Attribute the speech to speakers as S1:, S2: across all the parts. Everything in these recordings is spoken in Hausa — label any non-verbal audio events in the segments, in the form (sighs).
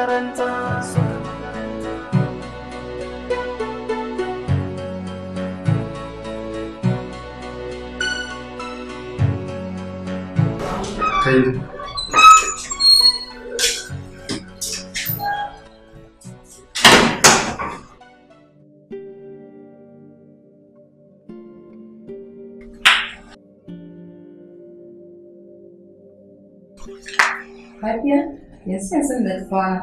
S1: makaranta
S2: kai
S3: da kuma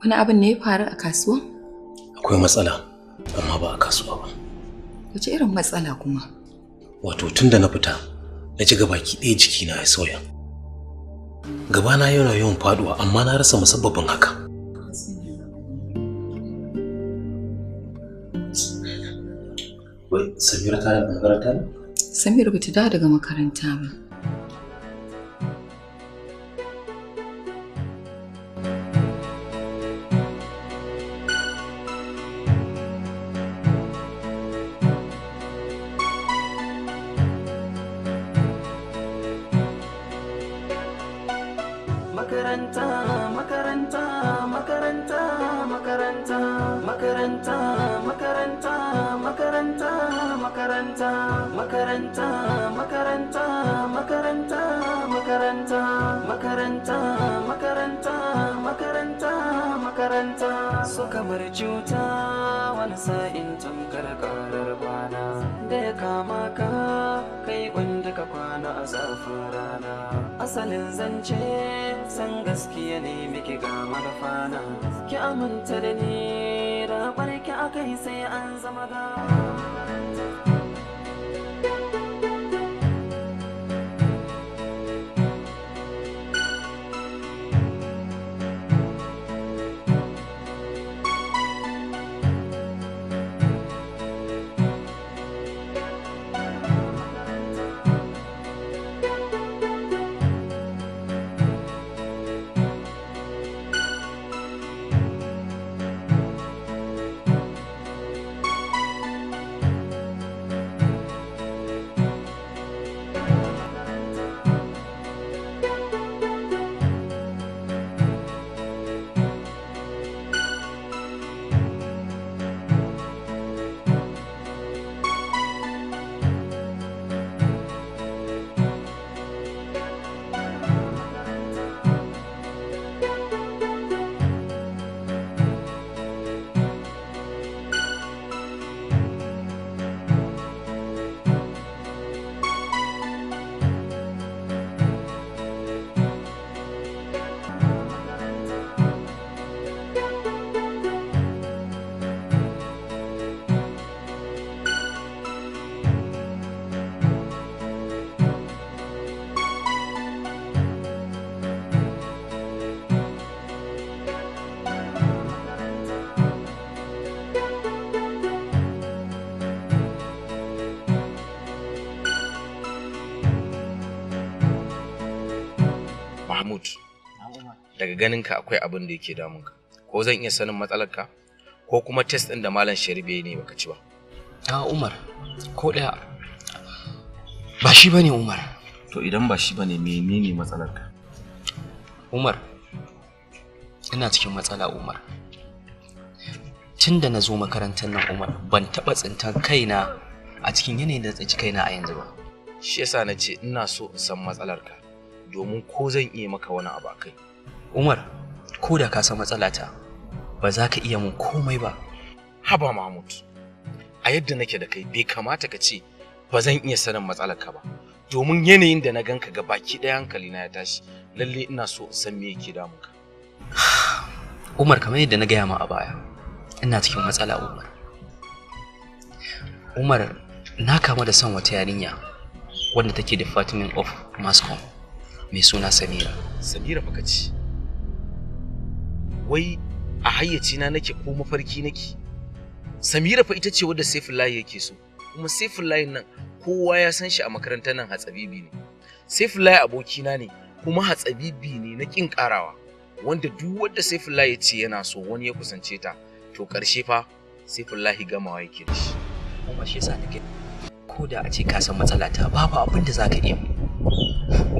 S3: Wani abin ne ya faru a kasuwa?
S4: Akwai matsala, amma ba a kasuwa ba.
S1: Wace irin matsala kuma?
S4: Wato tun da na fita, na ci ki ɗaya jikina ya sauya. Gabana yana yawan faduwa amma na rasa musabbabin haka. Wai Samira ta daga makaranta ne?
S1: Samira bata dawo
S3: daga makaranta ba.
S1: makaranta makaranta makaranta makaranta makaranta so kamar cuta wani sa'in tamkar karkarar bana da ya kama ka kai wanda ka kwana a zafin rana asalin zance san gaskiya ne miki ga marfana ki aminta da ni rabar ki akai sai an zama gawa
S4: daga ganin ka akwai abin da yake damun ka ko zan iya sanin matsalar ka ko kuma test din da malam sharibe ne baka ci ba a umar ko daya ba shi bane umar to idan ba shi bane menene matsalar ka umar
S5: ina cikin matsala umar tun da na zo makarantar nan
S4: umar ban taɓa tsintan kaina a cikin yanayin da tsinci kaina a yanzu ba shi yasa na ce ina so in san matsalar ka domin ko zan iya maka wani abu a kai Umar, ko da ka san matsalata, ba za ka iya mun komai ba. Haba Mahmud, a yadda nake da kai bai kamata ka ce ba zan iya sanin matsalar ka ba. Domin yanayin da na ganka ga baki ɗaya hankali na ya tashi, lalle ina so in san me yake damunka.
S5: (sighs) Umar kamar yadda na gaya ma a baya, ina cikin matsala Umar. Umar na kama da son wata yarinya wanda take da Department of Mascom mai suna Samira.
S4: Samira baka ce. wai a hayyacina nake ko mafarki nake samira fa ita ce wadda saifullahi yake so kuma saifullahi nan kowa ya san shi a makarantar nan hatsabibi ne saifullahi abokina ne kuma hatsabibi ne na kin karawa wanda duk wanda saifullahi ya ce yana so wani ya kusance ta to karshe fa saifullahi gamawa yake da shi kuma shi yasa nake ko da a ce ka san matsala ta babu abin da
S5: zaka iya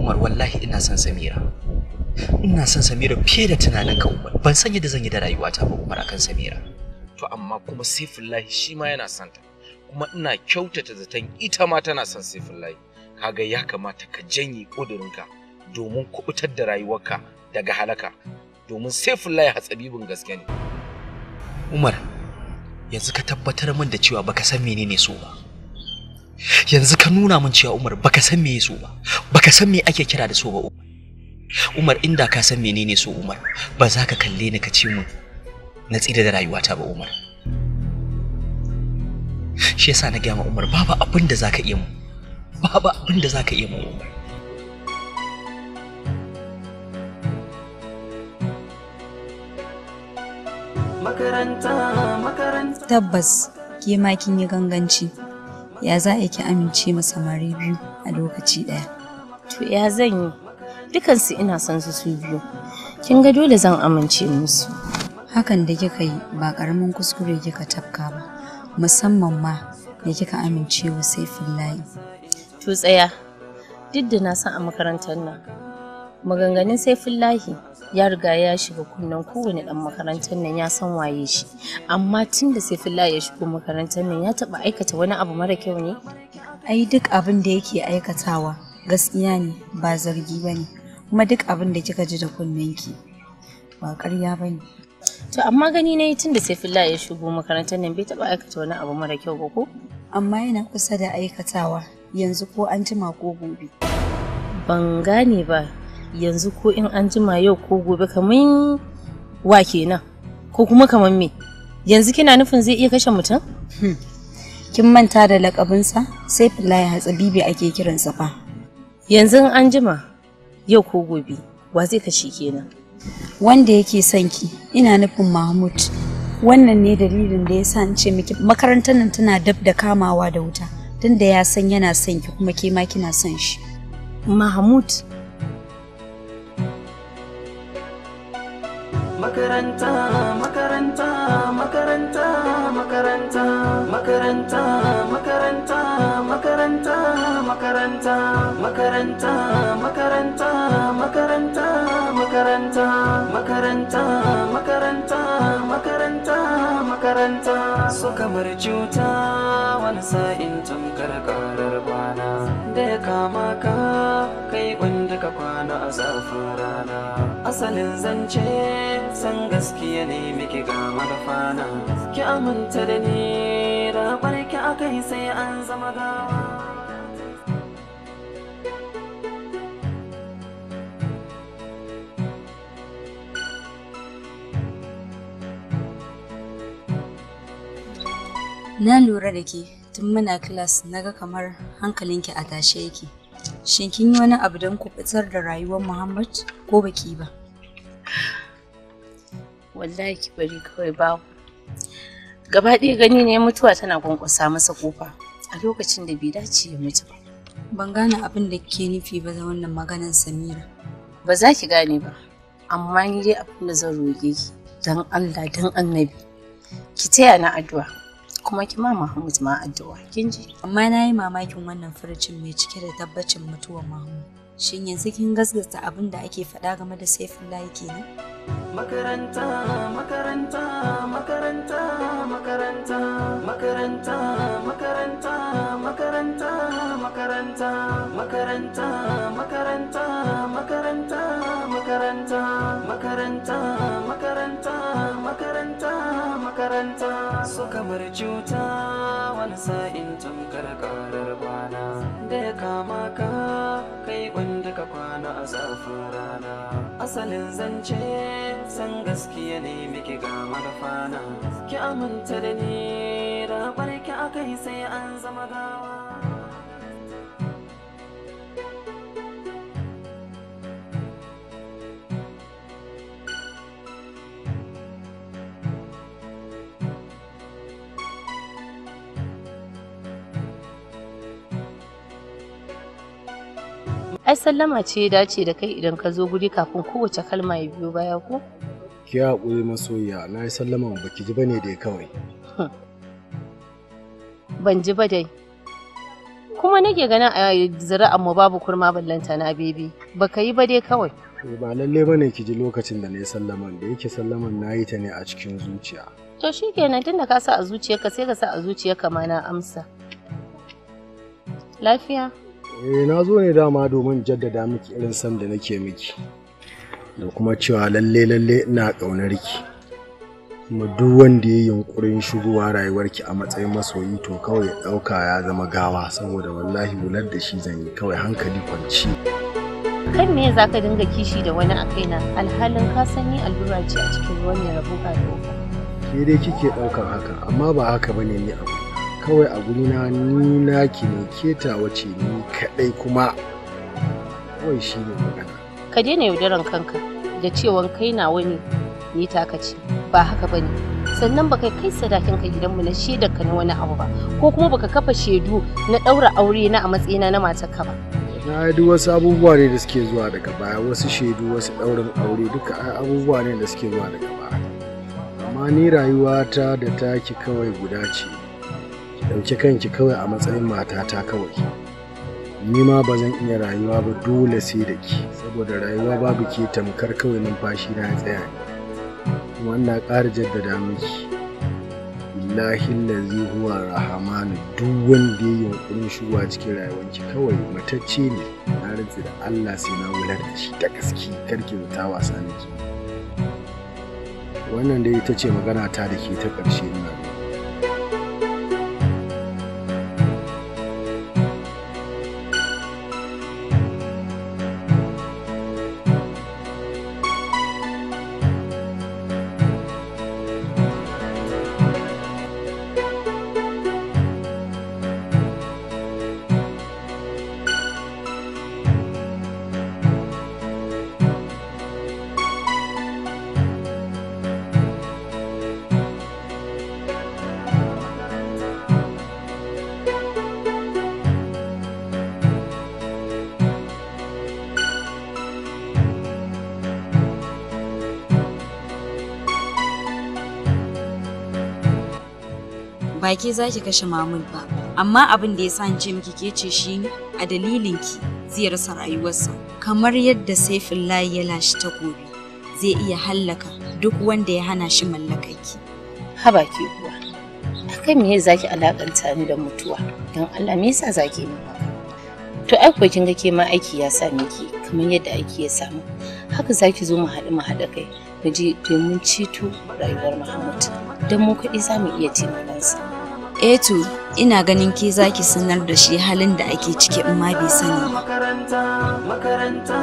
S5: Umar wallahi ina son Samira ina son Samira fiye da tunanin ka Umar ban san yadda zan yi da rayuwata ba Umar akan Samira
S4: to amma kuma Saifullahi shi ma yana son ta kuma ina kyautata zaton ita ma tana son Saifullahi kaga ya kamata ka janye kudurinka domin kubutar da rayuwarka daga halaka domin Saifullahi hatsabibin gaske ne
S5: Umar yanzu ka tabbatar min da cewa baka san menene so ba yanzu ka nuna min cewa Umar baka san me so ba baka san me ake kira da so ba Umar Umar inda ka san menene so Umar ba za ka kalle ni ka ce min na tsira da rayuwata ba Umar shi yasa na gaya ma Umar babu abin da zaka iya mu babu abin da
S3: zaka iya mu Umar
S1: makaranta makaranta
S3: tabbas ke ma kin yi ganganci ya za a ki amince ma samari biyu a lokaci
S2: ɗaya to ya zan yi dukansu ina son su su biyu
S3: kin ga dole zan amince musu hakan da kika yi ba ƙaramin kuskure kika tafka ba musamman ma da kika amince wa saifin layi
S2: to tsaya duk da na san a makarantar nan maganganun saifin lahi ya riga ya shiga kunnen kowane dan makarantar nan ya san waye shi amma tun da Saifullah ya shigo makarantar nan ya taba aikata wani abu mara kyau ne ai duk abin da yake aikatawa gaskiya ne ba zargi ba ne, kuma duk abin da kika ji da kunnenki
S3: ba ƙarya ba ne.
S2: to amma gani nayi tun da Saifullah ya shigo makarantar nan bai taba aikata wani abu mara kyau ba ko amma yana kusa da aikatawa yanzu ko an jima ko gobe ban gane ba yanzu ko in an jima yau ko gobe kamar wa kenan ko kuma kamar me yanzu kina nufin zai iya kashe mutum hmm. kin manta da lakabin sa sai hatsa hatsabibi ake kiransa fa yanzu an jima yau ko gobe wa zai kashe kenan
S3: wanda yake son ki ina nufin mahmud wannan ne dalilin da ya sa in ce miki makarantar nan tana dab da kamawa da wuta tunda ya san yana son ki kuma ke ma kina son shi
S2: mahmud
S1: makaranta makaranta makaranta makaranta makaranta makaranta makaranta makaranta makaranta makaranta makaranta makaranta makaranta makaranta makaranta makaranta so kamar cuta wani sa'in tamkar karar bana da ya kama ka zafin asalin zance san gaskiya ne miki ga marfana ki aminta da ni rabar ki akai sai an zama gawa
S3: Na lura da ke tun muna kilas na ga kamar hankalinki a tashe yake. Shin kin yi wani abu don kubutar da rayuwar Muhammad ko baki ba?
S2: Wallahi ki bari kawai babu. Gaba ɗaya gani ne mutuwa tana kwankwasa masa kofa a lokacin da bai dace ya mutu ba. Ban gane abin da ke nufi ba da wannan maganar Samira. Ba za ki gane ba, amma ni dai abin da zan roge ki don Allah don annabi. Ki taya na addu'a. kuma ki ma Mahmud ma addu'a kin ji amma na yi mamakin wannan furucin mai cike da tabbacin
S3: mutuwar Mahmud shin yanzu kin gaskata abin da ake faɗa game da Saifullah yake ne
S1: makaranta makaranta makaranta makaranta makaranta makaranta makaranta makaranta makaranta makaranta makaranta makaranta makaranta makaranta makaranta makaranta so kamar cuta wani sa'in tamkar karkarar bana da ya kama ka kai wanda ka kwana a zafin rana asalin zance san gaskiya ne miki ga marfana ki aminta da ni rabar ki aka yi sai an zama gawa
S2: ai sallama ce ya dace da kai idan ka zo guri kafin kowace kalma ya biyo baya ko
S6: ki haƙuri masoyiya na yi sallama ba ki ji ba ne dai kawai
S2: hmm. ban ji ba dai kuma nake ganin a zira'an mu babu kurma ballanta na bebi baka yi ba dai kawai
S6: eh, ba lalle bane ki ji lokacin da na yi sallaman da yake sallaman na yi ta ne a cikin zuciya
S2: to shikenan tunda ka sa a zuciyarka sai ka sa a zuciyarka ma na amsa lafiya
S6: Eh na zo ne dama domin jaddada miki irin san da nake miki. Da kuma cewa lalle lalle ina ƙaunar ki. Kuma duk wanda ya yunkurin shigowa rayuwarki a matsayin masoyi to kawai ya ɗauka ya zama gawa saboda wallahi wular da shi zan yi kawai hankali kwanci.
S2: Kan me za ka dinga kishi da wani a kaina alhalin ka san ni allura ce a cikin ruwan ya rabu ka
S6: Ke dai kike ɗaukar haka amma ba haka bane ni abu. kawai a gurina ni ne keta wace ni kaɗai kuma kawai shi ne magana
S2: ka daina yaudaran kanka da cewa kai na wani ni taka ce ba haka bane sannan baka kai sadakin ka gidanmu na shaidar ka na wani abu ba ko kuma baka kafa shaidu na ɗaura aure na a matsayina na matar ka ba
S6: na duk wasu abubuwa ne da suke zuwa daga baya wasu shaidu wasu ɗaurin aure duka abubuwa ne da suke zuwa daga baya amma ni rayuwata da taki kawai guda ce ɗauki kanki kawai a matsayin matata kawai ni ma ba zan iya rayuwa ba dole sai da ki saboda rayuwa babu ke tamkar kawai numfashi na tsaya ne kuma ina ƙara jaddada miki billahi lazi huwa rahamanu duk wanda ya yunkurin shuwa cikin rayuwanki kawai matacce ne na rantsi da Allah sai na wular da shi da gaske karki wuta wasa miki wannan dai ita ce magana ta da ke ta ƙarshe ne
S3: ba ke za ki kashe mamun ba amma abin da ya sa ce miki ke ce shi ne a ki, zai rasa rayuwarsa kamar yadda saifin layi ya lashe gobe zai iya
S2: hallaka duk wanda ya hana shi mallakaki haba ke kuwa kai me za ki alakanta ni da mutuwa don Allah me yasa za ki ba to ai ko kin ga ke ma aiki ya sa miki kamar yadda aiki ya samu haka za ki zo mu haɗu mu haɗa kai mu je domin ceto rayuwar Muhammad don mu kaɗai za mu iya taimakonsa.
S3: eto ina ganin ke zaki sanar da shi halin da ake ciki in ma bai sani ba
S1: makaranta makaranta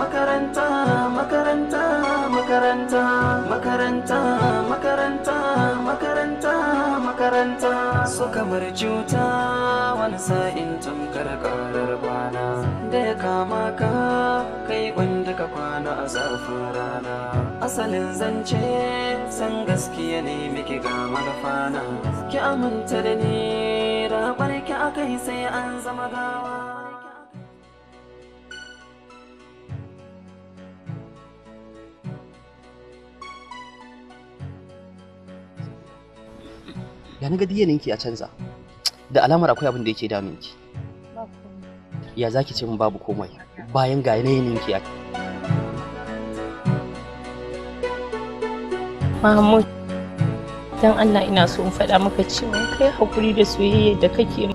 S1: makaranta makaranta makaranta makaranta su kamar cuta wani sa'in tamkar karar bana da ya kama ka kai wanda ka kwana a zafin rana asalin zance san gaskiya ne miki ga marafana ki aminta da ni rabar ki akai sai an zama gawa
S5: ya naga diyanin ninki ya canza da alamar akwai abin da yake da minki. ya zaki ce min babu komai bayan ga yanayin ki ya
S2: Mahmud dan Allah ina so in faɗa maka cewa kai hakuri da soyayya da kake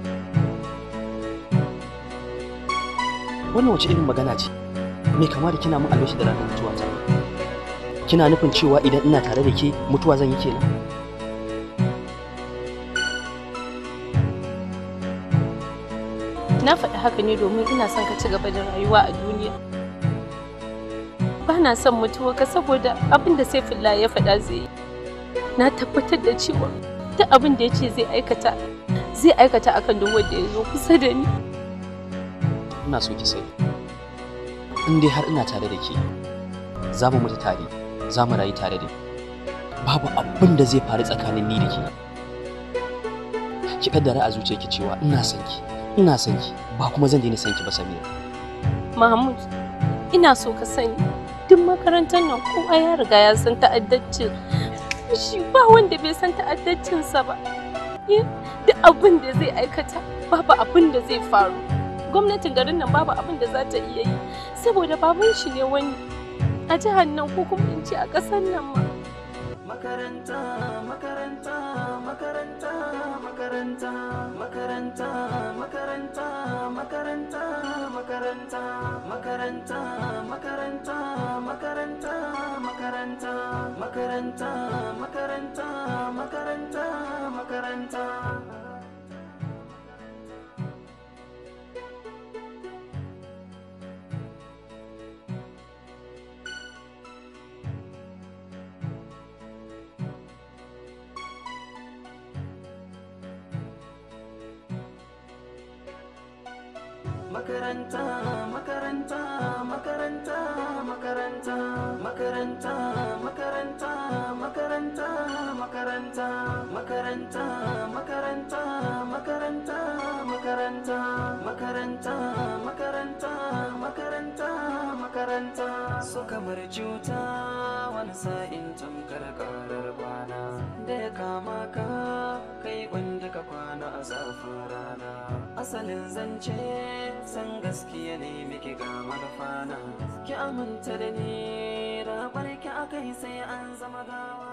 S5: wannan wace irin magana ce Me kama da kina mun albashi da ranar mutuwa ta kina nufin cewa idan ina tare da ke mutuwa zan yi kenan
S2: na faɗi haka ne domin ina son ka ci gaba da rayuwa a duniya ba na son mutuwa ka saboda abin da Saifulla ya faɗa zai yi na tabbatar da cewa duk abin da ya ce zai aikata zai aikata akan duk wanda ya zo kusa da ni
S5: ina so ki sai. in dai har ina tare da ke za mu mutu tare za mu rayu tare da babu abin da zai faru tsakanin ni da ke ki kaddara a zuciyarki cewa ina son ki ina san ki ba kuma zan daina san ki ba Samira
S2: Mahmud ina so ka sani duk makarantar nan kowa ya riga ya san ta'addancin shi ba wanda bai san sa ba duk abin da zai aikata babu abin da zai faru gwamnatin garin nan babu abin da za ta iya yi saboda baban shi ne wani a jihar nan ko kuma in ce a ƙasar
S1: nan ma makaranta makaranta makaranta makaranta makaranta makaranta makaranta makaranta makaranta makaranta makaranta makaranta makaranta makaranta makaranta makaranta makaranta makaranta makaranta makaranta makaranta makaranta makaranta makaranta makaranta makaranta makaranta makaranta makaranta makaranta makaranta makaranta so kamar cuta wani sa'in tamkar karar bana da ya kama ka wanda ka kwana a zafin rana asalin zance san gaskiya ne miki ga marfana ki aminta da ni rabar ki akai sai an zama gawa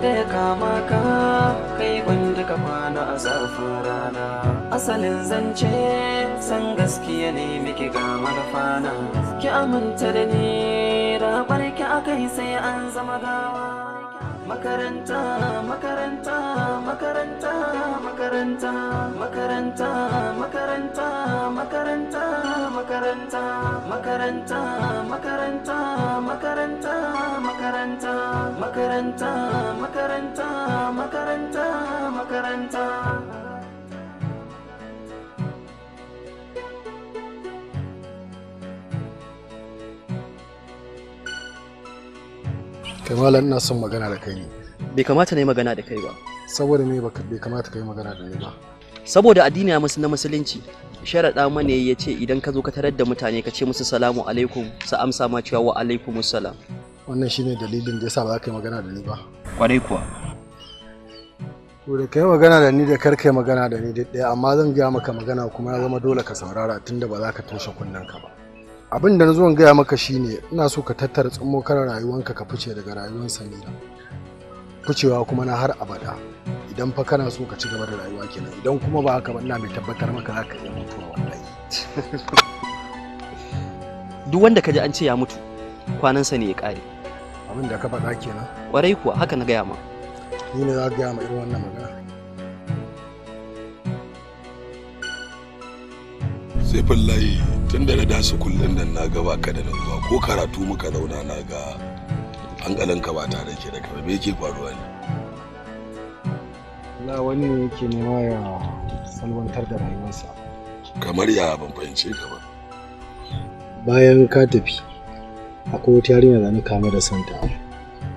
S1: da ya kama ka kai wanda ka kwana a zafin rana asalin zance san gaskiya ne miki ga marfana ki aminta da ni rabar ki akai sai an zama gawa makaranta makaranta makaranta makaranta makaranta makaranta makaranta makaranta makaranta makaranta makaranta makaranta makaranta makaranta makaranta makaranta
S6: kai malam ina son magana da kai bai kamata na yi magana da kai ba saboda me baka bai kamata ka yi magana da ni ba
S5: saboda addini na musulunci sharaɗa Mane ya ce idan ka zo ka tarar da mutane ka ce musu salamu alaikum sa amsa ma cewa wa alaikum salam
S6: wannan shine dalilin da yasa ba za ka yi magana da ni ba kwarai kuwa to da kai magana da ni da kar kai magana da ni da ɗaya amma zan gaya maka magana kuma ya zama dole ka saurara tunda ba za ka toshe kunnen ka ba abin da na zo gaya maka shine ina so ka tattara tsammo karar rayuwanka ka fice daga rayuwar samira ficewa kuma na har abada idan fa kana so ka ci gaba da rayuwa kenan idan kuma ba haka ba ina mai tabbatar maka za ka iya mutuwa wallahi (laughs) duk wanda ka ji an ce ya mutu kwanansa ne ya kare abin da ka faɗa kenan
S5: Ƙwarai kuwa haka na gaya ma
S6: ni ne za ka gaya ma irin wannan magana sai fallaye tun da na dasu kullum da na gaba ka da nutsuwa ko karatu muka zauna na ga hankalinka ba tare ke da kaba me yake faruwa ne na wani ne yake nema ya salwantar da rayuwarsa kamar ya ban fahimce ka ba bayan ka tafi akwai wata yarinya da ni kame da santa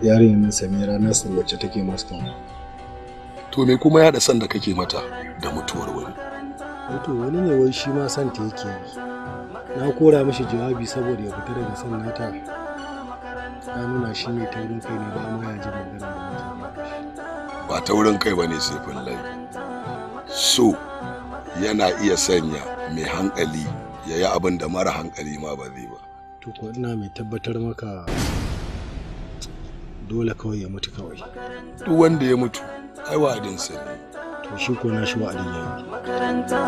S6: yarinya nan samira sun wacce take masu kama. to me kuma ya da san da kake mata da mutuwar wani to wani ne wai shi ma santa yake yi na kora mashi jawabi saboda ya fita daga san nata na nuna shi taurin kai ne ba ma ya ji magana da muke ba taurin kai ba ne sai fallai so yana iya sanya mai hankali ya yi abin da mara hankali ma ba zai ba to ko ina mai tabbatar maka dole kawai ya mutu kawai duk wanda ya mutu ai wa'adin ne shi ko na shi wa'adin yayi makaranta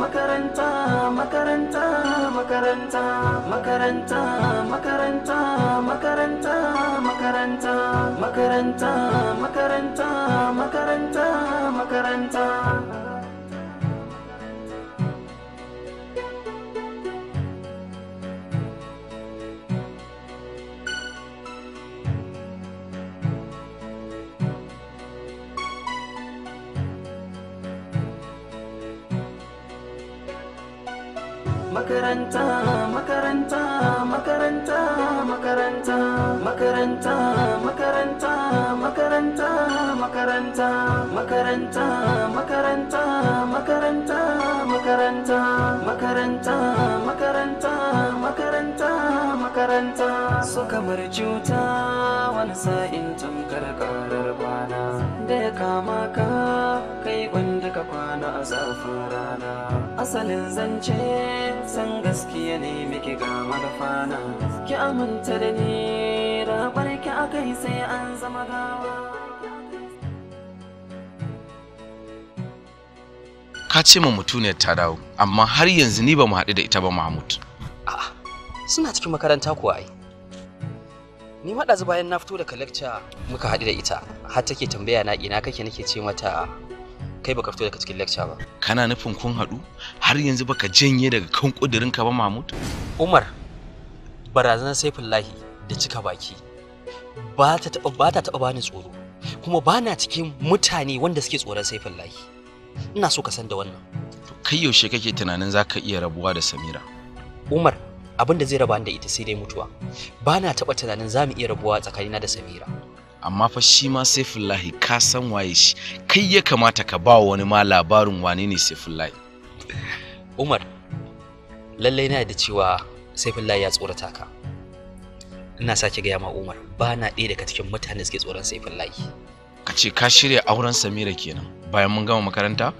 S6: makaranta makaranta makaranta makaranta
S1: makaranta makaranta makaranta makaranta makaranta makaranta makaranta makaranta makaranta makaranta makaranta makaranta makaranta makaranta makaranta makaranta makaranta makaranta makaranta makaranta makaranta makaranta makaranta so kamar cuta wani sa'in tamkar karar bana da ya kama ka kai wani kwana a zafin rana asalin zance san gaskiya ne miki ga marfana ki aminta da ni rabar ki kai sai an zama gawa
S4: ka ce ma mutuniyar ta dawo amma har yanzu ni ba mu haɗu da ita ba mahmud a'a
S5: suna cikin makaranta kuwa ai ni ma bayan na fito daga lecture muka haɗu da ita har take tambaya na ina kake nake ce mata kai baka fito daga cikin lecture ba
S4: kana nufin kun haɗu har yanzu baka janye daga kan kudirin ka ba Mahmud
S5: Umar barazanar Saifullahi da cika baki ba ta taɓa ba ta taba bani tsoro kuma ba na cikin mutane wanda suke tsoron Saifullahi ina so ka san da wannan
S4: kai yaushe kake tunanin zaka iya rabuwa da Samira
S5: Umar abin da zai raba da ita sai dai mutuwa ba na taɓa tunanin za mu iya rabuwa tsakanina da Samira
S4: amma fa shi ma saifullahi ka san waye shi kai ya kamata ka ba wani ma labarin wane ne saifullahi umar
S5: lallai na da cewa saifullahi ya tsorata ka ina sake gaya ma umar ba na ɗaya daga cikin mutane suke tsoron saifullahi
S4: ka ce ka shirya auren samira kenan bayan mun gama
S5: makaranta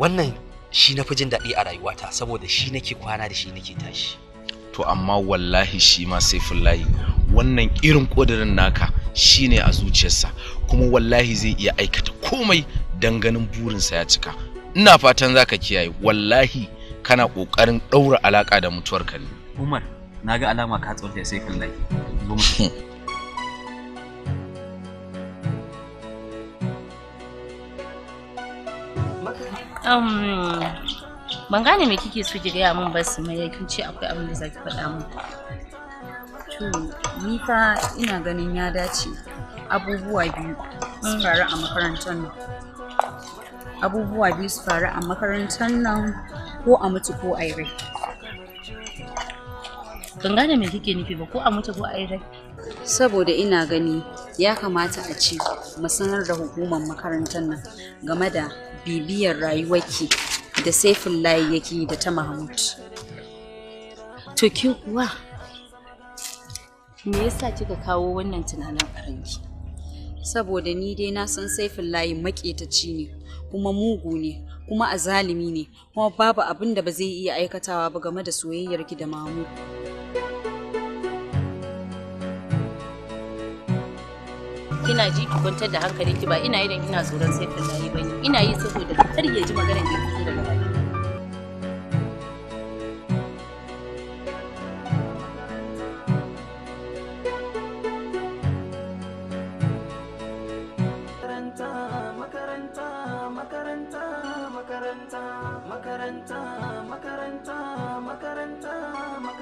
S5: wannan shi na fi jin daɗi a rayuwata saboda shi nake kwana da shi nake tashi
S4: to amma wallahi shi ma saifullahi wannan irin ƙudurin naka shi ne a zuciyarsa kuma wallahi zai iya aikata komai don ganin burinsa ya cika ina fatan za ka kiyaye wallahi kana ƙoƙarin ɗaura alaƙa da mutuwar ka ne umar na ga alama ka tsorta sai kullai
S2: um (laughs) ban gane me kike so ki gaya min ba su mai kin ce akwai abin da za ki faɗa min to ni fa
S3: ina ganin ya dace abubuwa biyu su mm. faru a makarantar nan abubuwa biyu su faru a makarantar nan ko a mutu ko a yi rai ban gane me kike nufi ba ko a mutu ko a yi rai saboda ina gani ya kamata a ce mu sanar da hukumar makarantar nan game da bibiyar rayuwarki da saifin layi yake da ta mahmud
S2: to ke kuwa me
S3: yasa kika kawo wannan tunanin a saboda ni dai na san saifin layi maƙetaci ne kuma mugu ne kuma azalimi ne kuma babu abin da ba zai iya aikatawa
S2: ba game da soyayyar ki da mahmud kina ji ki kwantar da hankalinki ba ina yi dan ina tsoron sai ta yi bane ina yi saboda kar ya ji maganar da kike daga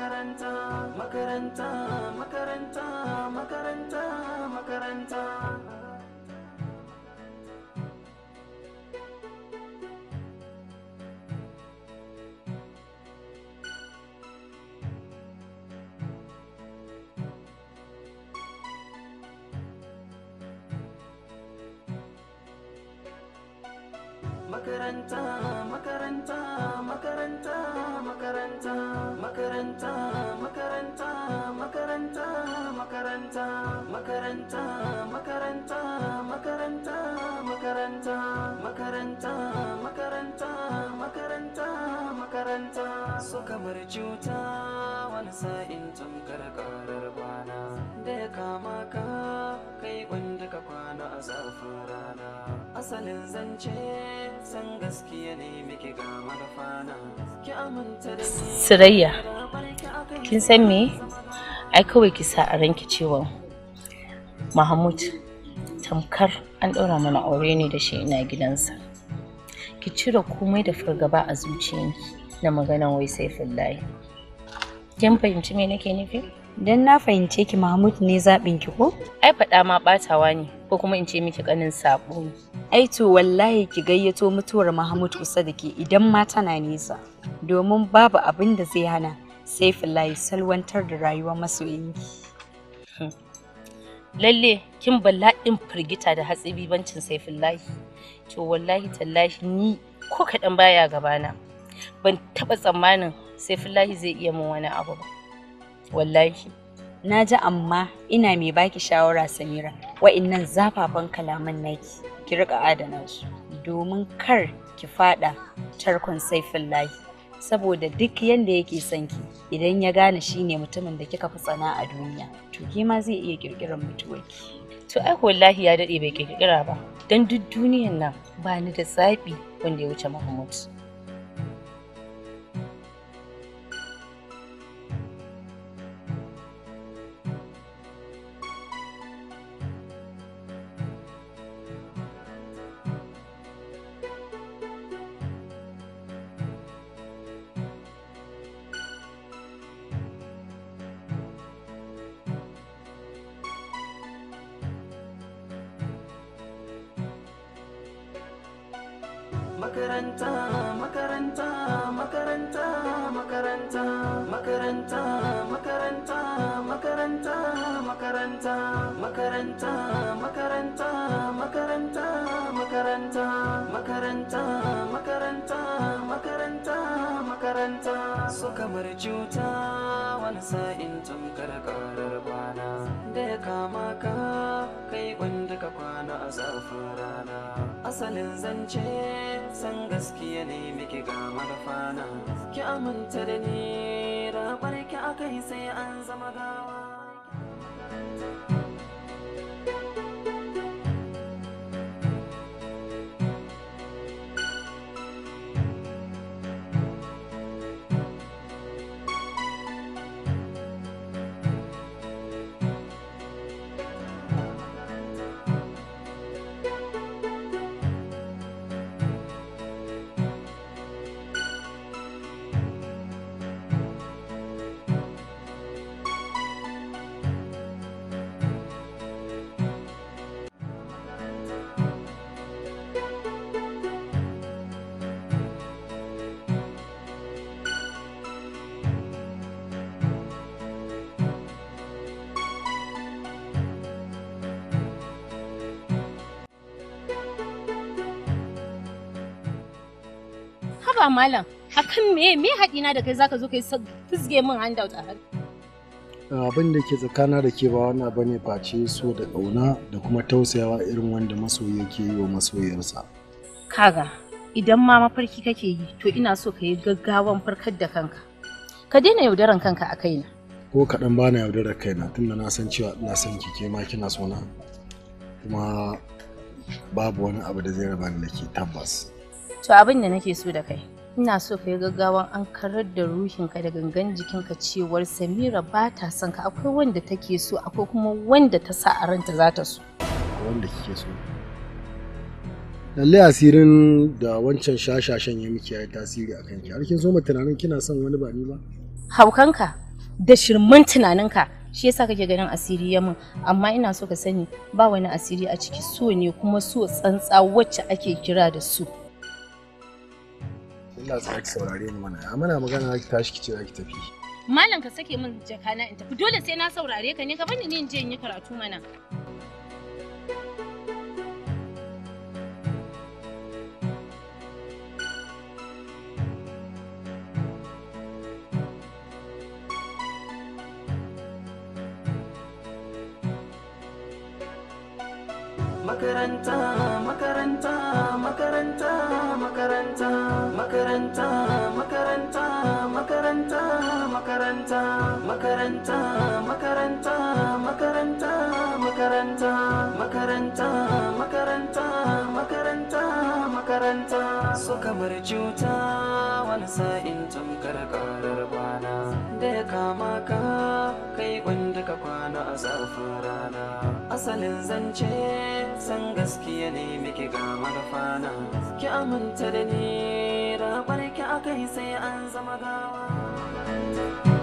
S1: makaranta makaranta makaranta makaranta makaranta makaranta makaranta makaranta makaranta makaranta makaranta makaranta makaranta makaranta makaranta makaranta makaranta makaranta makaranta makaranta makaranta so kamar cuta wani sa'in tamkar karar bana da ya kama ka wanda duka kwana a zafin rana asalin zance san gaskiya ne muke ga marfana ki aminta da ni sirayya
S2: kin san me ai kawai ki sa a ranki cewa mahmud tamkar an ɗaura mana aure ne da shi ina gidansa ki cire komai da fargaba a zuciyanki na magana wai sai fillahi kin fahimci me nake nufi dan na fahimce ki Mahmud ne
S3: zaɓin ki ko?
S2: Ai faɗa ma ɓatawa ne ko kuma in ce miki ƙanin saɓo. Ai to
S3: wallahi ki gayyato mutuwar Mahmud kusa da ke idan ma tana nesa. Domin babu abin da zai hana sai filayi salwantar da rayuwar masoyinki.
S2: Hmm. lalle kin bala'in firgita da hatsi bibancin sai to wallahi tallahi ni ko kaɗan baya gabana ban taɓa tsammanin saifullahi zai iya min wani abu ba wallahi na ji amma
S3: ina mai baki shawara samira wa'innan zafafan kalaman naki ki rika adana su domin kar ki fada tarkon saifin lahi saboda duk yanda yake son ki idan ya gane shine mutumin da kika fi tsana a duniya to ke ma zai
S2: iya kirkirar mutuwarki to ai wallahi ya daɗe bai kirkira ba don duk duniyan nan ba ni da zaɓi wanda ya wuce Mahmud haba malam akan me me haɗina da kai zaka zo kai fizge min handout a har
S6: abin da ke tsakana da ke ba wannan bane face so da ƙauna da kuma tausayawa irin wanda masoyi yake yi wa masoyiyarsa.
S2: kaga idan ma mafarki kake yi to ina so ka yi gaggawan farkar da kanka ka daina yaudaran kanka a kaina
S6: ko kaɗan ba na yaudarar kaina tunda na san cewa ina son ki ke ma kina so na kuma babu wani abu da zai raba ni da ke tabbas
S2: to abin da nake so da kai ina so ka yi gaggawan an karar da ruhinka da gangan jikinka cewar samira ba ta son ka akwai wanda take so akwai kuma wanda ta sa a ranta za ta so
S6: wanda kike so lallai asirin da wancan shashashen ya miki yayi tasiri akan kanki har kin so tunanin kina son wani ba ni ba
S2: haukanka da shirman tunaninka shi yasa kake ganin asiri ya min amma ina so ka sani ba wani asiri a ciki so ne kuma so tsantsa wacce ake
S6: kira da su Allah sa ki saurare ni mana amma na magana za ki tashi ki ce za ki tafi
S2: malam ka sake min jakana in tafi dole sai na saurare ka ne ka bani ni in je in yi karatu mana
S1: makaranta makaranta makaranta makaranta makaranta makaranta makaranta makaranta makaranta makaranta makaranta makaranta makaranta makaranta so kamar cuta wani sa'in tamkar karar kwana da ya kama ka kai wanda ka kwana a zafin rana asalin zance san gaskiya ne muke ga manufana ki aminta da ni barki yi sai an zama gawa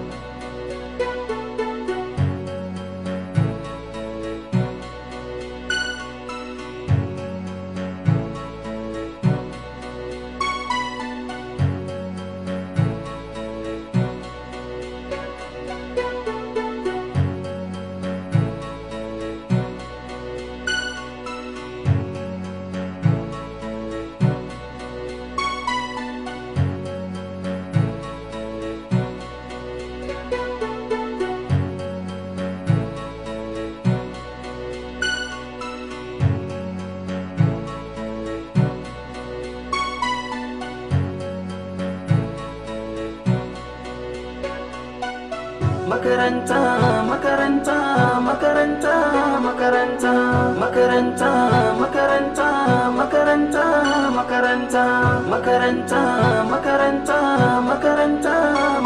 S1: makaranta makaranta makaranta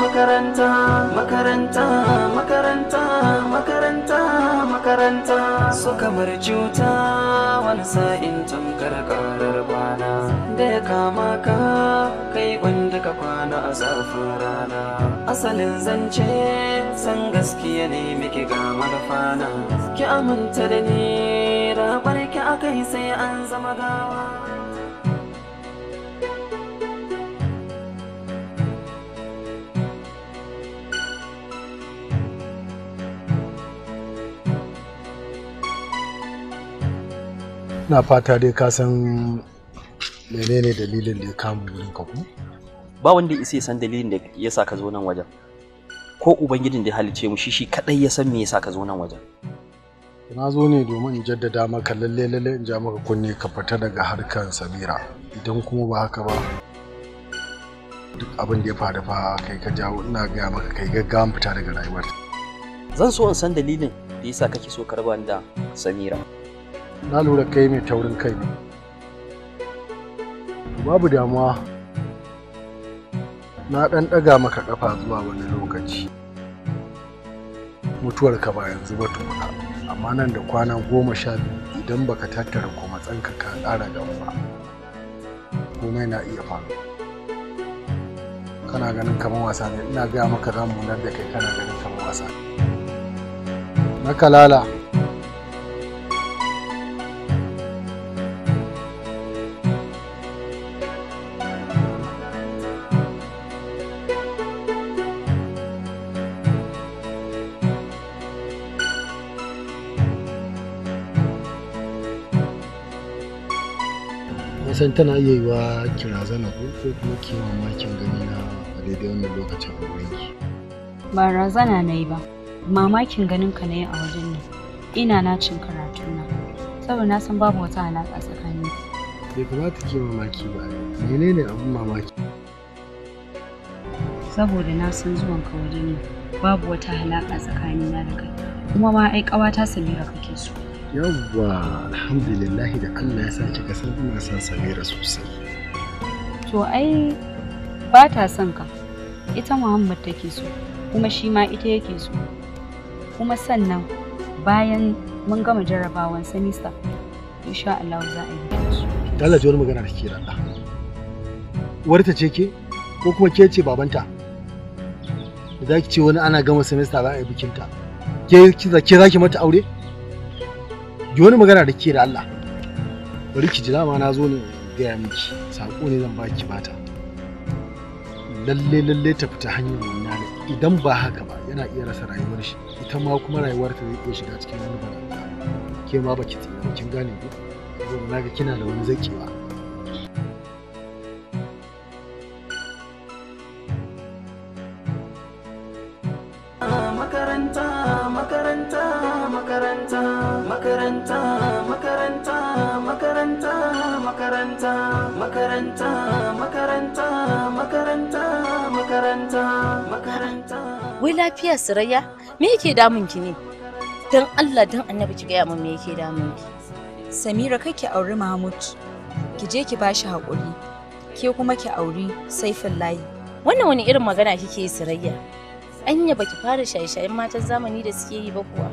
S1: makaranta makaranta makaranta makaranta makaranta so kamar cuta wani sa'in tamkar karar bana da ya kama ka kai wanda ka kwana a zafin rana asalin zance san gaskiya ne miki ga marfana ki aminta da ni rabar ki akai sai an zama gawa
S6: na fata dai ka san menene dalilin da ya kama wurin ka ku
S5: ba wanda isa san dalilin da ya sa ka zo nan wajen ko ubangijin da ya halice mu shi shi kadai ya san me ya sa ka zo nan wajen
S6: na zo ne domin in jaddada maka lalle lalle in ja maka kunne ka fita daga harkan samira idan kuma ba haka ba duk abin da ya faru fa kai ka jawo ina gaya maka kai gaggawan fita daga rayuwar zan so in san dalilin da yasa kake so
S5: karban da samira
S6: na lura kai mai taurin kai ne babu damuwa na ɗan ɗaga maka ƙafa zuwa wani lokaci mutuwar ka ba yanzu ba tukuna amma nan da kwana goma sha biyu idan baka tattara matsanka ka ƙara gaba komai na iya faru kana ganin kamar wasa ne ina gaya maka zamu nan da kai kana ganin kamar wasa ne na kalala san tana iya yi wa kirazana ko ko kuma ke mamakin gani na a daidai wannan lokacin a wurin ki
S3: ba razana na yi ba mamakin ganin ka na yi a wajen nan ina na cin karatu na saboda na san babu wata alaƙa tsakanin
S6: bai kamata ke mamaki ba menene abin mamaki
S3: saboda na san zuwan ka wajen nan babu wata alaƙa tsakanina da kai kuma ma ai ƙawata samira
S6: kake so yawwa alhamdulillah da allah ya sace kika san ina son samira sosai
S3: to ai ba ta son ka ita muhammad take so kuma shi ma ita yake so kuma sannan bayan mun gama jarabawan semester insha Allah za a yi
S6: su Allah ji wani magana da ke rada uwarta ce ke ko kuma ke ce babanta da za ki ce wani ana gama semester za a yi bikinta ke za ki mata aure yi wani magana da ke da Allah bari ki ji ma na zo ne gaya miki sako ne zan baki bata lalle lalle ta fita hanyar wannan idan ba haka ba yana iya rasa rayuwar shi ita ma kuma rayuwar ta zai iya shiga cikin wani bala ke ma baki tsira kin gane ko na ga kina da wani zakewa
S1: makaranta makaranta makaranta makaranta makaranta makaranta makaranta makaranta makaranta makaranta makaranta makaranta
S2: wai lafiya sirayya me yake damun ki ne dan Allah dan annabi ki gaya min me yake damun ki Samira kake auri Mahmud ki je ki bashi hakuri ke kuma ki auri Saifullahi wannan wani irin magana kike yi sirayya anya baki fara shaye-shayen matan zamani da suke yi ba kuwa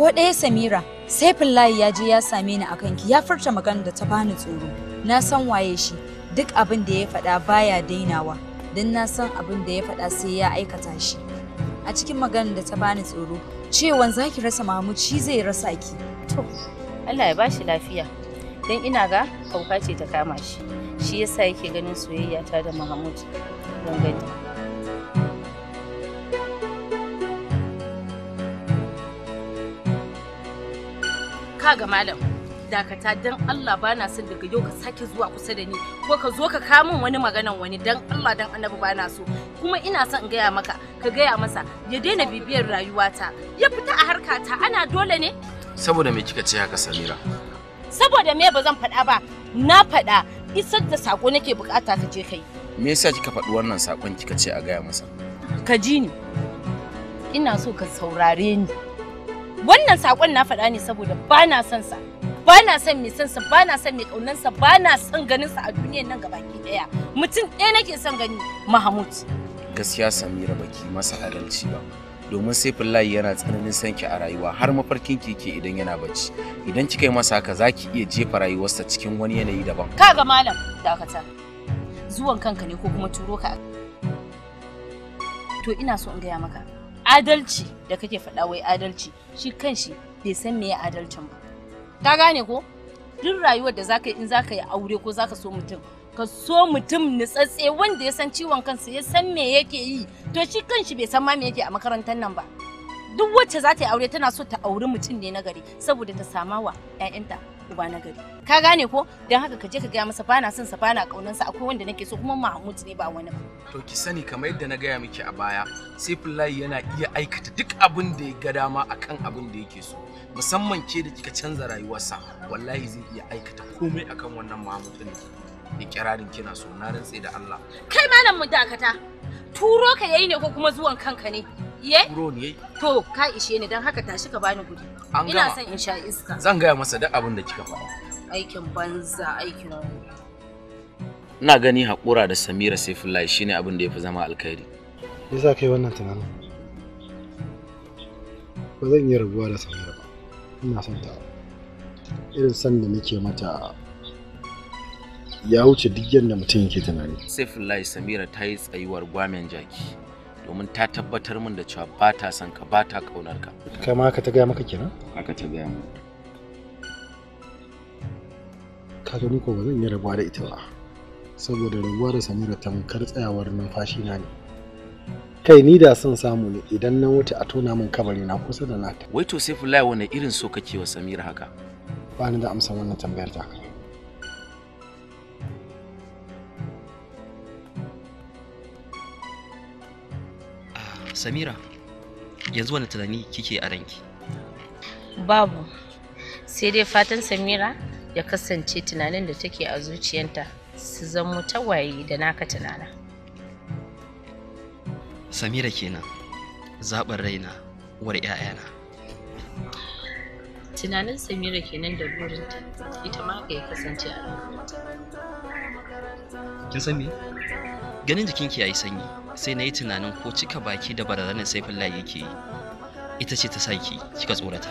S2: ko ɗaya samira
S3: sai fillahi ya je ya same ni akan ki ya furta magana da ta bani tsoro na san waye shi duk abin da ya faɗa baya dainawa don na san abin da ya faɗa sai ya aikata shi a cikin maganar da ta bani tsoro cewan zaki rasa mamu shi zai rasa
S2: ki to Allah ya bashi lafiya don ina ga kauka ce ta kama shi shi yasa yake ganin soyayya ta da Mahmud don gani kaga malam dakata dan Allah bana son daga yau ka sake zuwa kusa da ni ko ka zo ka kamun min wani maganan wani dan Allah dan Annabi bana so kuma ina son gaya maka ka gaya masa ya daina bibiyar rayuwata ya fita a harkata ana dole ne
S4: saboda me kika ce haka Samira
S2: saboda me ba zan faɗa ba na faɗa isar da sako nake bukata ka je kai
S4: me yasa kika faɗi wannan sakon kika ce a gaya masa
S2: ka ji ni ina so ka saurare ni wannan sakon na faɗa ne saboda ba na son sa ba na son mai son sa ba na son mai kaunan sa ba na son ganin sa a duniyar nan gabaki daya mutum ɗaya nake son gani Mahmud
S4: gaskiya Samira baki masa adalci ba domin sai fillahi yana tsananin sanki a rayuwa har mafarkin keke idan yana bacci idan kika yi masa haka zaki iya jefa rayuwarsa cikin wani yanayi daban
S2: kaga malam dakata zuwan kanka ne ko kuma turo ka to ina so in gaya maka adalci da kake faɗa wai adalci shi kanshi bai san me ya adalcin ba ka gane ko duk rayuwar da zaka yi in zaka yi aure ko zaka so mutum ka so mutum nutsatse wanda ya san ciwon kansa ya san me yake yi to shi kanshi bai san ma me yake a makarantar nan ba duk wacce za ta yi aure tana so ta auri mutum ne na gari saboda ta samawa 'ya'yanta uba na gari ka gane ko dan haka ka je ka gaya masa bana son sa bana kaunan sa akwai wanda nake so kuma Mahmud ne ba wani ba
S4: to ki sani kamar yadda na gaya miki a baya sai Saifullahi yana iya aikata duk abin da ya ga dama akan abin da yake so musamman ke da kika canza rayuwarsa wallahi zai iya aikata komai akan wannan Mahmud din kirarin kina so na rantse da Allah
S2: kai malam mu dakata turo ka yayi ne ko kuma zuwan kanka ne Ye? Buro ne. To ka ishe ni don haka tashi ka bani guri. Ina son in sha iska. Zan
S4: gaya masa duk abin da kika faɗa.
S2: Aikin banza aikin
S4: Ina gani haƙura da Samira Saifullahi shine abin da ya fi zama alkhairi.
S6: Me yasa kai wannan tunanin? Ba zan iya rabuwa da Samira ba. Ina son ta. Irin san da nake mata ya wuce duk yadda mutum yake tunani.
S4: Saifullahi Samira ta yi tsayuwar gwamen jaki. domin ta tabbatar min da cewa ba ta son ka ba ta kaunar ka
S6: kai ma haka ta gaya maka kenan haka ta gaya min ka ni ko ba zan yi rabuwa da ita ba saboda rabuwa da samira tamkar tsayawar numfashi na ne kai ni da son samu ne idan na wuce a tona min kabari na kusa da nata
S4: wai to sai fulai wani irin so kake wa samira haka ba
S6: ni da amsa wannan tambayar ta
S5: samira yanzu wani tunani kike a ranki
S2: babu sai dai fatan samira ya kasance tunanin da take a zuciyanta su zamo tawaye da naka tunana
S5: samira kenan zaɓin raina war 'ya'yana
S2: tunanin samira kenan da burinta ita ma ya kasance a ranki.
S5: kin san me ganin jikinki yayi sanyi sai na yi tunanin ko cika baki da barazanar saifin layi yake yi ita ce ta saki kika tsorata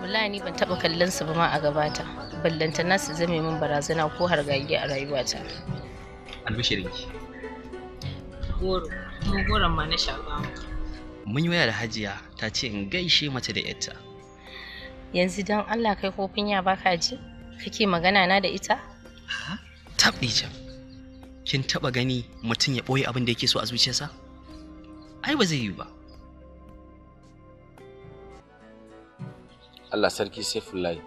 S2: wallahi ni ban taba kallon su ba ma a gabata ballanta na su zame min barazana ko hargagi a rayuwata albishirinki goro kuma goron ma na shafa
S5: mun yi waya da hajiya ta ce in gaishe mace da yarta
S2: yanzu don allah kai kofin ya baka ji kake magana na da ita
S5: tabi jam kin taba gani mutum ya ɓoye abin da yake so a zuciyarsa
S4: ai ba zai yi ba Allah sarki Saifullahi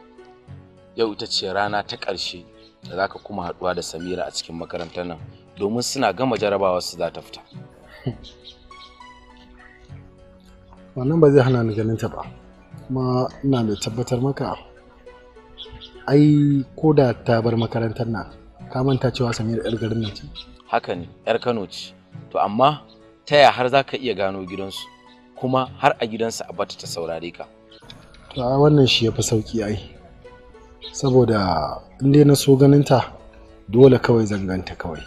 S4: yau ita ce rana ta ƙarshe da za ka kuma haɗuwa da Samira a cikin makarantar nan domin suna gama jarabawa su za ta fita.
S6: (laughs) Wannan ba zai hana ni ganin ta ba, kuma ina mai tabbatar maka ai ko da ta bar makarantar nan ka manta cewa samir yar garin nan ce
S4: haka ne yar Kano ce to amma taya har zaka iya gano gidansu kuma har a gidansa a bata ta saurare ka
S6: to a wannan shi yafi sauki ai saboda in dai na so ganin ta dole kawai zanganta kawai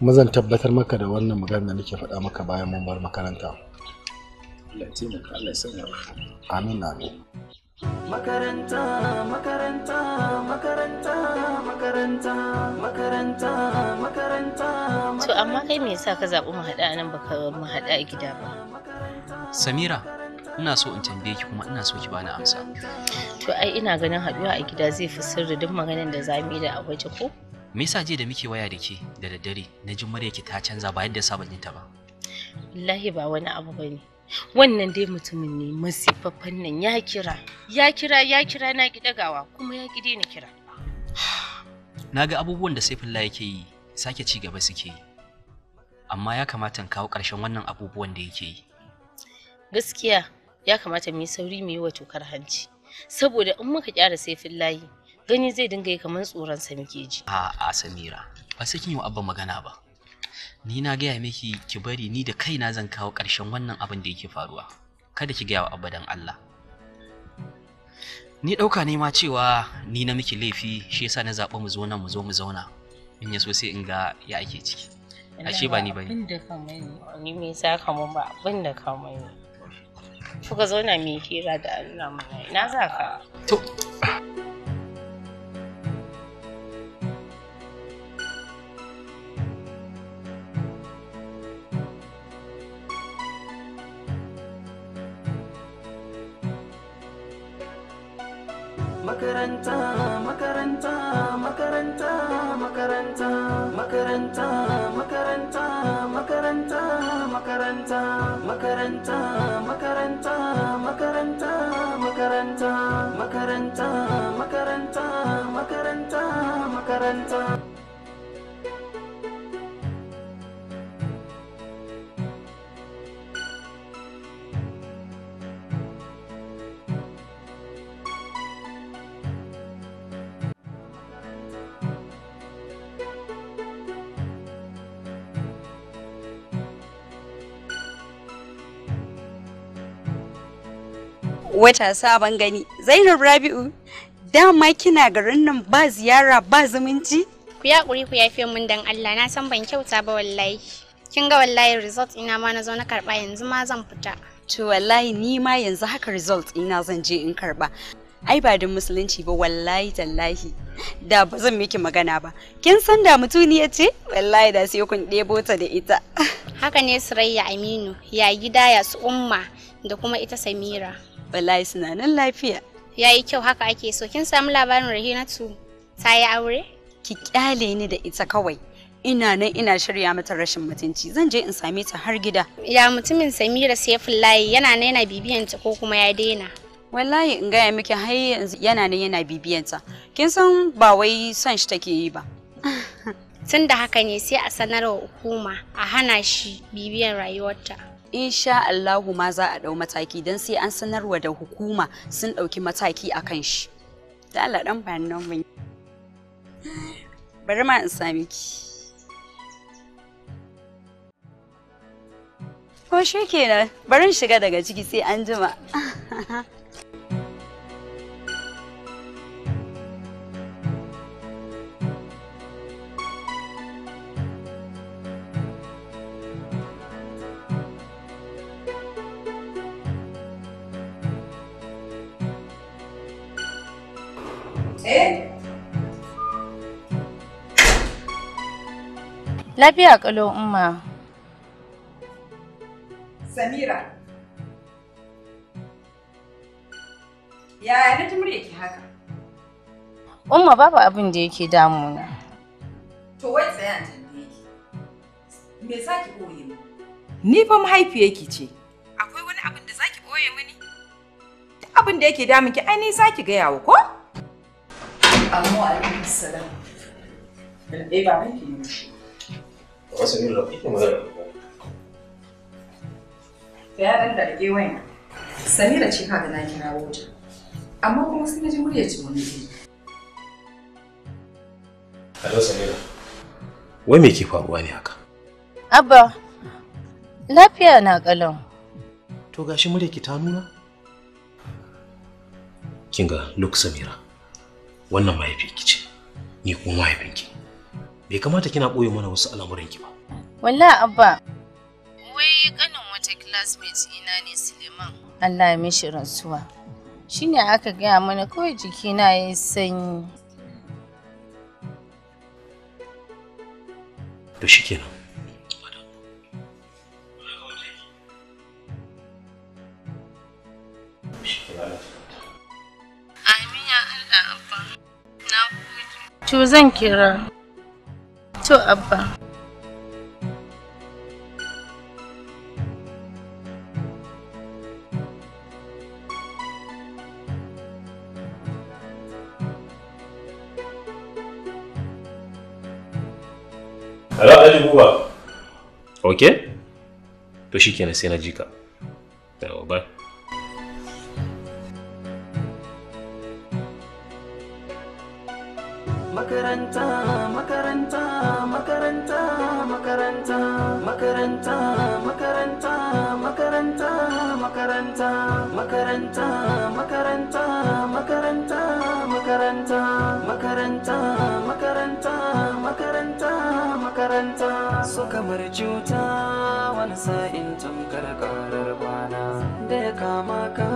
S6: mazan tabbatar maka da wannan magana da nake faɗa maka bayan mun bar makaranta Allah ya taimaka Allah ya sanya amin amin
S1: Makaranta, makaranta, makaranta, makaranta, makaranta, makaranta.
S2: To amma kai me yasa ka zaɓi mu haɗa nan baka mu haɗa a gida ba?
S5: Samira, ina so in tambaye ki kuma ina so ki bani
S2: amsa. To ai ina ganin haɗuwa a gida zai fi sirri duk maganin da zamu yi da a waje ko?
S5: Me yasa jiya da muke waya da ke da daddare na ji muryarki ta canza ba yadda saba ta ba?
S2: Wallahi ba wani abu bane. wannan dai mutumin ne masifaffen nan ya kira ya kira ya kira na gida gawa kuma ya gide ni kira na
S5: ga abubuwan da saifullah yake yi sake ci gaba suke amma ya kamata in kawo ƙarshen wannan abubuwan da yake yi
S2: gaskiya ya kamata mu yi sauri mu yi wa tokar hanci saboda in muka kyara saifin layi gani zai dinga yi kamar tsoron sa muke ji
S5: a a samira ba sai kin yi abba magana ba ni na gaya miki ki bari ni da kaina zan kawo ƙarshen wannan abin da yake faruwa kada ki gaya wa abadan Allah ni ɗauka ne ma cewa ni na miki laifi shi yasa na zaɓi mu zo nan mu zo mu zauna in ya so sai in ga ya ake ciki
S2: ashe ba ni bane abin da ka mani ni me yasa ka mun ba abin da ka mani kuka zauna me kira da Allah mana ina za ka to
S1: makaranta makaranta makaranta makaranta makaranta makaranta makaranta makaranta makaranta makaranta makaranta makaranta makaranta makaranta makaranta makaranta
S3: wata sabon gani zainab rabi'u dama kina garin nan ba ziyara ba zumunci
S2: ku yaƙuri ku yafe mun dan allah na san ban kyauta ba wallahi kin ga wallahi result ina ma na zo na karba yanzu ma zan fita
S3: to wallahi ni ma yanzu haka result ina zan je in karba ai ba da musulunci ba wallahi tallahi da ba zan miki magana ba kin san da mutuniya ce wallahi da sai kun ɗebo ta da ita
S2: (laughs) haka ne surayya aminu ya gida ya su umma da kuma ita samira wallahi suna nan lafiya Ya yi kyau haka ake so kin samu labarin Rahinatu ta yi aure ki
S3: kyale ni da ita kawai ina nan ina shirya mata rashin mutunci zan je in same ta har gida ya mutumin Samira Saifullahi yana nan yana bibiyanta ko kuma ya daina wallahi in gaya miki har yanzu yana nan yana bibiyanta kin san ba wai son shi take yi ba
S2: (laughs) tun da haka ne sai a sanar wa hukuma a hana shi bibiyan rayuwarta
S3: insha Allahu ma za a ɗau mataki don sai an sanarwa da hukuma sun ɗauki mataki a kan shi. Da Allah ɗan bayanan mun. Bari ma in sami ki. Ko shi kenan, barin shiga daga ciki sai an jima. (laughs) Eh?
S2: lafiya kalo umma samira yaya na ji muryarki haka umma babu abin da yake damuna to wai tsaya ta me za ki ɓoye mu? Ni fa ki ce. Akwai wani abin da za ki ɓoye mini? abin da yake damu ki ai ni za ki gaya wa ko? amma wa alaikum salam bil eh, eh, ba mai ke shi
S4: wasu ne rafi ne mazara
S3: da ya dan dalge samira ce kaga na kira wuta
S2: amma kuma sai na ji muryar ci wani ne
S4: Hello Samira. Wai me ke faruwa ne haka?
S2: Abba, lafiya na kalan. To gashi muryarki ta nuna?
S4: Kinga, Luke Samira. wannan mahaifinki ce ni kuma mahaifinki bai kamata kina ɓoye mana wasu al'amuranki ba
S2: wallahi abba wai kanin wata classmate ina ne suleiman allah ya mishi rantsuwa shine aka gaya mana kawai jikina ya sanyi
S4: to shikenan Thank you.
S2: To zan kira. To abba.
S1: Ra'ali buwa. Okay?
S4: To shikenan sai na jika. Yawa bye.
S1: makaranta makaranta makaranta makaranta makaranta makaranta makaranta makaranta makaranta makaranta makaranta makaranta makaranta makaranta makaranta makaranta so kamar cuta wani sa'in tamkar karar bana da ya kama ka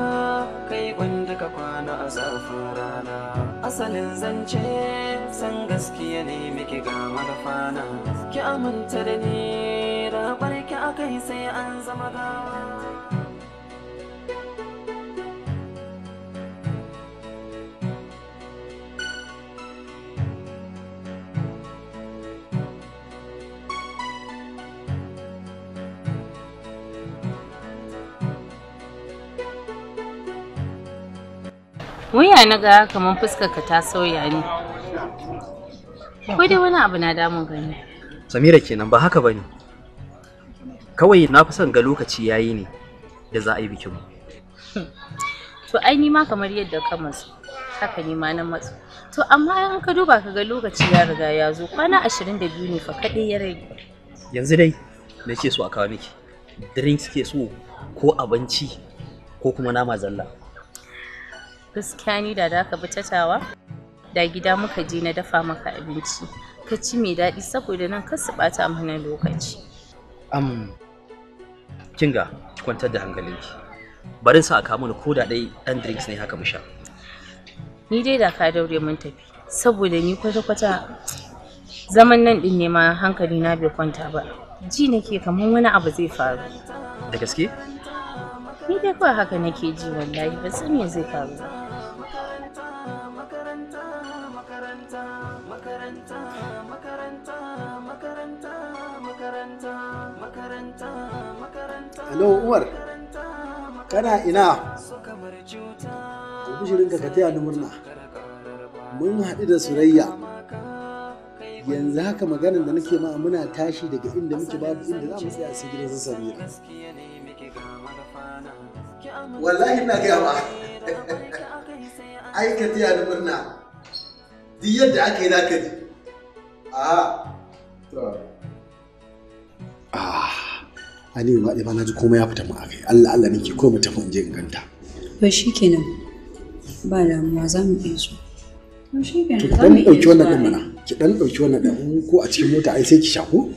S1: kai wani ka kwana a zafin rana asalin zance san gaskiya ne muke ga marafana ki aminta da ni rabar ki akai sai an zama gawa
S2: Wuya na ga kamar fuskarka ta sauya ne. Ko dai wani abu na damun gani.
S5: Samira kenan ba haka bane. Kawai na fi son ga lokaci yayi ne da za a yi bikin mu.
S2: To ai ni ma kamar yadda ka masu, Haka ni ma na matsu. To amma in ka duba ka ga lokaci ya riga ya zo kwana 22 ne fa kaɗai ya rage.
S5: Yanzu dai na ke so a kawo miki? Drinks ke so ko abinci ko kuma nama zalla.
S2: gaskiya ni da da ka bi ta tawa da gida muka je na dafa maka abinci ka ci mai daɗi saboda nan ka su ɓata mana lokaci
S6: am
S5: kinga kwantar da hankalinki barin sa aka mana ko da ɗai ɗan drinks ne haka mu sha
S2: ni dai da ka daure mun tafi saboda ni kwata-kwata zaman nan ɗin ne ma hankali na bai kwanta ba ji nake kamar wani abu zai faru da gaske ni dai kawai haka nake ji wallahi ba san me zai faru ba
S6: hello Umar, kana ina? Ka bishirinka ka taya ni murna. Mun haɗu da Surayya. Yanzu haka maganin da nake ma muna tashi daga inda muke babu inda za mu tsaya su gidan su Samira. Wallahi na gaya ba. Ai ka taya ni murna. Duk yadda aka yi za ka ji. Ah. Ah. Aliyu ba ɗaya na ji komai ya fita mu akai. Allah Allah nake ko mu tafi in je in ganta.
S3: To shi kenan.
S6: Ba damuwa za mu iya so.
S1: To shikenan za mu iya so. To ɗan ɗauki wannan din mana.
S6: Ki ɗan dauki wannan din ko a cikin mota ai sai ki shaku.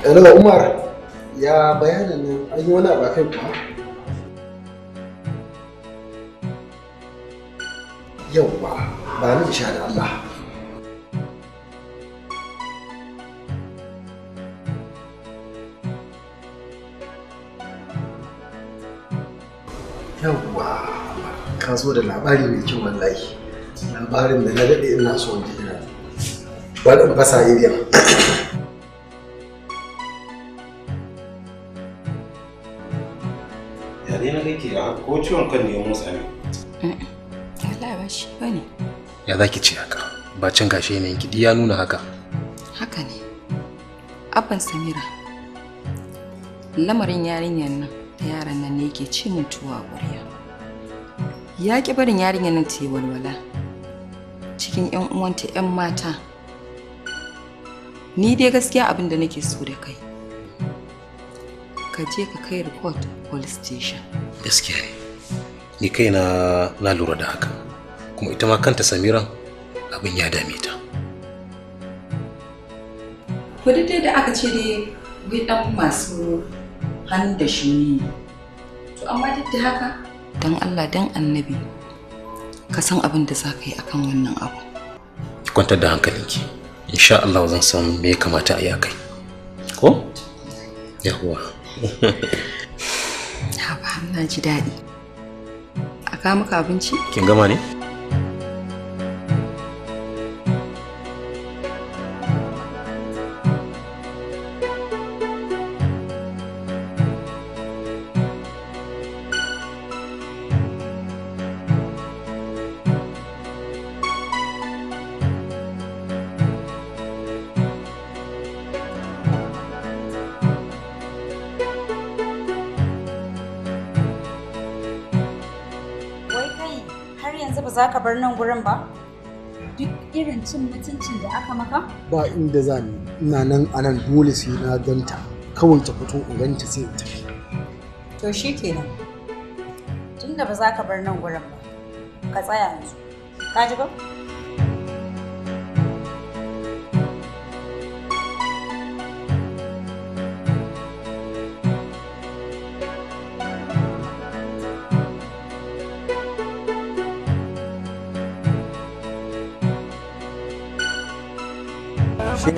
S6: Yalwa Umar ya bayanin nan an yi wani abu a kai kuwa? Yawwa ba ni isha da Allah. Yawwa ka zo da labari mai kyau wallahi. Labarin da na daɗe ina so in ji ina. Bari in fasa iriyan. ko ciwon kan ne ya motsa ne wallahi
S3: eh, eh. ba shi ba ne
S6: ya za ki ce haka ba can gashe ne ki ya nuna haka
S3: haka ne abban samira lamarin yarinyar nan yaran nan ne yake ci min tuwa ya ki barin yarinyar nan ta yi walwala cikin 'yan uwanta 'yan mata ni dai gaskiya abin da nake so da kai ka je ka kai report police station gaskiya ne
S4: ni kaina na lura da haka kuma ita ma kanta samira abin ya dame ta
S3: kudi dai da aka ce dai wai dan masu hannu da shi to amma duk da haka dan Allah dan annabi ka san abin da za ka yi akan wannan abu
S4: ki kwantar da hankalinki insha Allah zan san me ya kamata a yi akai ko
S6: yawwa
S2: (laughs) haba na ji daɗi
S3: ka muka abinci kin gama ne ka bar nan gurin ba duk irin cin mutuncin da aka maka
S6: ba inda za ni ina nan anan dole sai na ganta kawai ta fito in ganta sai in tafi
S3: to shikenan tunda ba za ka bar nan gurin ba ka tsaya yanzu ka ji ba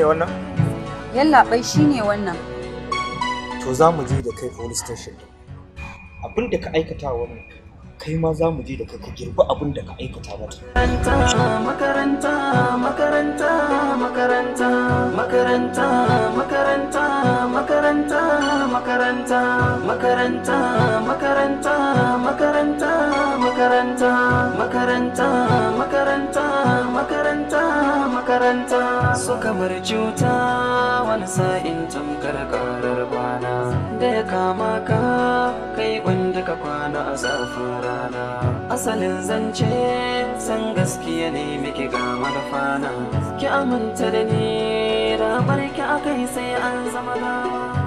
S3: ne wannan? Yallaɓai shi ne wannan.
S5: To za mu je da kai police station din. Abin da ka aikata wannan kai ma za mu je da kai ka girbi abin da ka aikata mata.
S1: Makaranta, makaranta, makaranta, makaranta, makaranta, makaranta, makaranta, makaranta, makaranta, makaranta, makaranta, makaranta, makaranta, makaranta, makaranta suka bar cuta wani sa'in tamkar karar bana da ya kama ka kai wanda ka kwana a zafin rana asalin zance san gaskiya ne miki ga manufana ki aminta da ni rabar ki akai sai an zama lawa